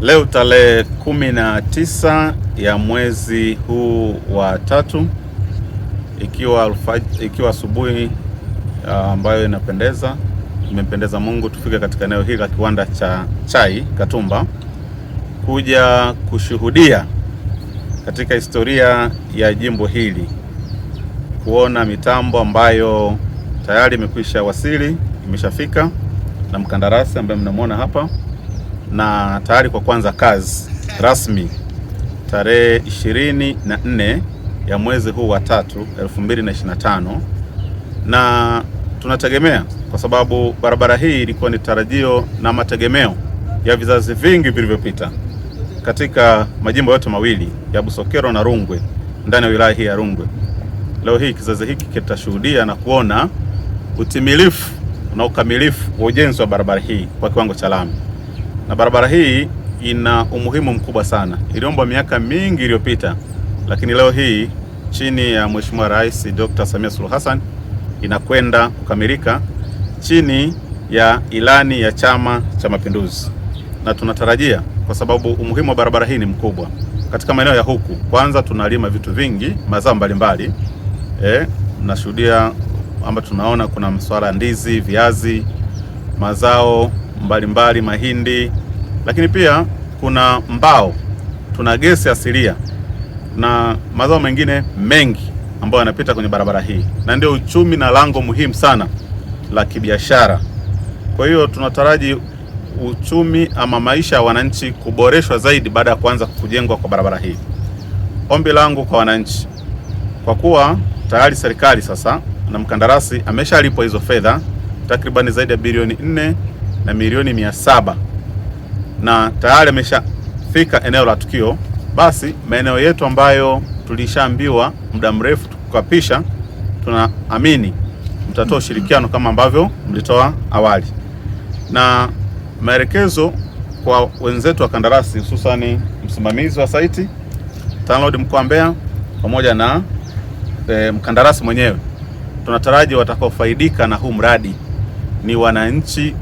Leo tarehe kumi na tisa ya mwezi huu wa tatu, ikiwa ikiwa asubuhi ah, ambayo inapendeza, imempendeza Mungu tufike katika eneo hili la kiwanda cha chai Katumba kuja kushuhudia katika historia ya jimbo hili, kuona mitambo ambayo tayari imekwisha wasili, imeshafika na mkandarasi ambaye mnamwona hapa na tayari kwa kwanza kazi rasmi tarehe ishirini na nne ya mwezi huu wa tatu 2025 na tunategemea kwa sababu barabara hii ilikuwa ni tarajio na mategemeo ya vizazi vingi vilivyopita katika majimbo yote mawili ya Busokero na Rungwe ndani ya wilaya hii ya Rungwe. Leo hii kizazi hiki kitashuhudia na kuona utimilifu na ukamilifu wa ujenzi wa barabara hii kwa kiwango cha lami na barabara hii ina umuhimu mkubwa sana. Iliombwa miaka mingi iliyopita, lakini leo hii chini ya Mheshimiwa Rais Dr. Samia Suluhu Hassan inakwenda kukamilika chini ya ilani ya Chama cha Mapinduzi, na tunatarajia kwa sababu umuhimu wa barabara hii ni mkubwa katika maeneo ya huku. Kwanza tunalima vitu vingi, mazao mbalimbali eh, mnashuhudia kwamba tunaona kuna masuala ya ndizi, viazi, mazao mbalimbali, mahindi, lakini pia kuna mbao, tuna gesi asilia na mazao mengine mengi ambayo yanapita kwenye barabara hii, na ndio uchumi na lango muhimu sana la kibiashara. Kwa hiyo tunataraji uchumi ama maisha ya wananchi kuboreshwa zaidi baada ya kuanza kujengwa kwa barabara hii. Ombi langu kwa wananchi, kwa kuwa tayari serikali sasa na mkandarasi ameshalipwa hizo fedha takribani zaidi ya bilioni na milioni mia saba na tayari ameshafika eneo la tukio. Basi maeneo yetu ambayo tulishaambiwa muda mrefu tukukapisha, tunaamini mtatoa ushirikiano kama ambavyo mlitoa awali, na maelekezo kwa wenzetu wa kandarasi, hususani msimamizi wa saiti TANROADS mkoa wa Mbeya pamoja na e, mkandarasi mwenyewe, tunataraji watakaofaidika na huu mradi ni wananchi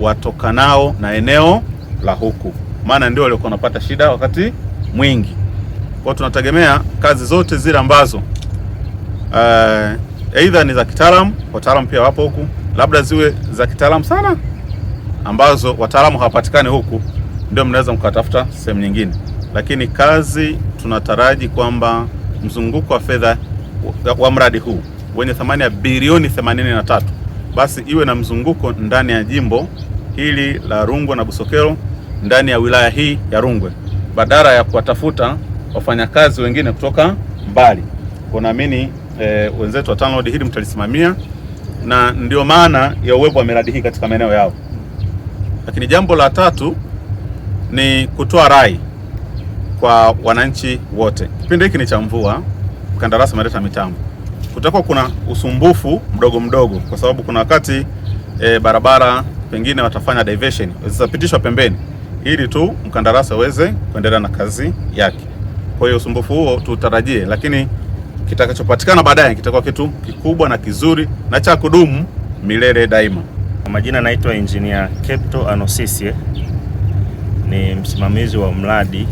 watokanao na eneo la huku, maana ndio waliokuwa wanapata shida wakati mwingi. Kwa tunategemea kazi zote zile ambazo aidha uh, eh, ni za kitaalamu, wataalamu pia wapo huku, labda ziwe za kitaalamu sana ambazo wataalamu hawapatikani huku, ndio mnaweza mkatafuta sehemu nyingine, lakini kazi tunataraji kwamba mzunguko wa fedha wa mradi huu wenye thamani ya bilioni 83 basi iwe na mzunguko ndani ya jimbo hili la Rungwe na Busokelo ndani ya wilaya hii ya Rungwe badala ya kuwatafuta wafanyakazi wengine kutoka mbali. Kwa naamini e, eh, wenzetu wa TANROADS hili mtalisimamia na ndio maana ya uwepo wa miradi hii katika maeneo yao. Lakini jambo la tatu ni kutoa rai kwa wananchi wote. Kipindi hiki ni cha mvua, mkandarasi ameleta mitambo, kutakuwa kuna usumbufu mdogo mdogo, kwa sababu kuna wakati e, barabara pengine watafanya diversion, zitapitishwa pembeni ili tu mkandarasi aweze kuendelea na kazi yake. Kwa hiyo usumbufu huo tutarajie, lakini kitakachopatikana baadaye kitakuwa kitu kikubwa na kizuri na cha kudumu milele daima. Kwa majina naitwa Engineer Kepto Anosisye, ni msimamizi wa mradi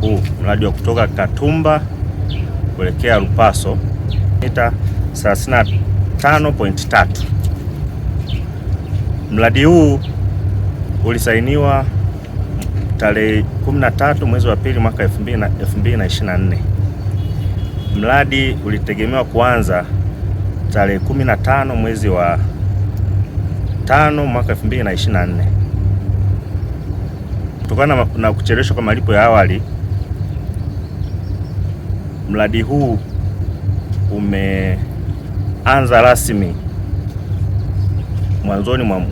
huu, mradi wa kutoka Katumba kuelekea Lupaso mita 35.3. Mradi huu ulisainiwa tarehe 13 mwezi wa pili mwaka 2024. Mradi ulitegemewa kuanza tarehe 15 mwezi wa tano mwaka 2024. Kutokana na kucheleweshwa kwa malipo ya awali, mradi huu umeanza rasmi mwanzoni mwa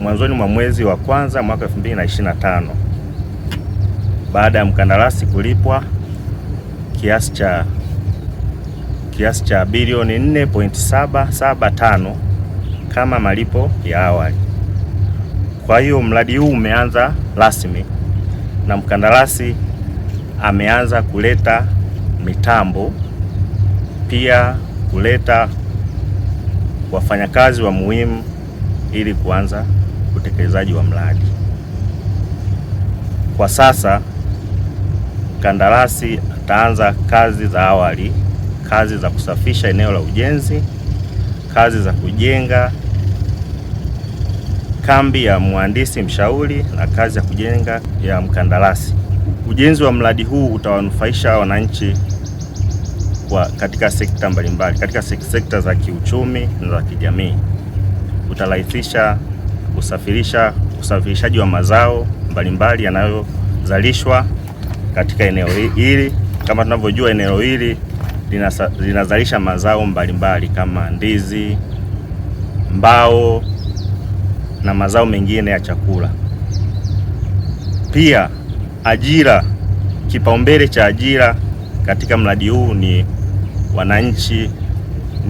mwanzoni mwa mwezi wa kwanza mwaka 2025 baada ya mkandarasi kulipwa kiasi cha kiasi cha bilioni 4.775 kama malipo ya awali. Kwa hiyo mradi huu umeanza rasmi na mkandarasi ameanza kuleta mitambo pia kuleta wafanyakazi wa muhimu ili kuanza utekelezaji wa mradi. Kwa sasa mkandarasi ataanza kazi za awali, kazi za kusafisha eneo la ujenzi, kazi za kujenga kambi ya mhandisi mshauri na kazi ya kujenga ya mkandarasi. Ujenzi wa mradi huu utawanufaisha wananchi kwa katika sekta mbalimbali, katika sekta za kiuchumi na za kijamii utarahisisha usafirisha usafirishaji wa mazao mbalimbali yanayozalishwa katika eneo hili. Kama tunavyojua eneo hili linazalisha mazao mbalimbali kama ndizi, mbao na mazao mengine ya chakula. Pia ajira, kipaumbele cha ajira katika mradi huu ni wananchi,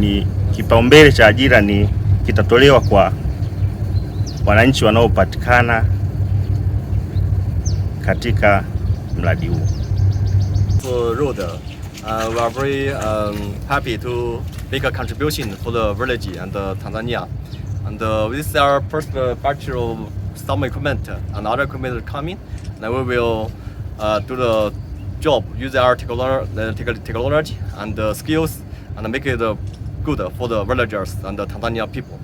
ni kipaumbele cha ajira ni kitatolewa kwa wananchi wanaopatikana katika mradi huu. For road, uh, we are very um, happy to make a contribution for the village and uh, Tanzania. And uh, is our first uh, batch of some equipment uh, and other equipment coming, and we will uh, do the job, use our technology, uh, technology and uh, skills and make it uh, good for the villagers and the Tanzania people.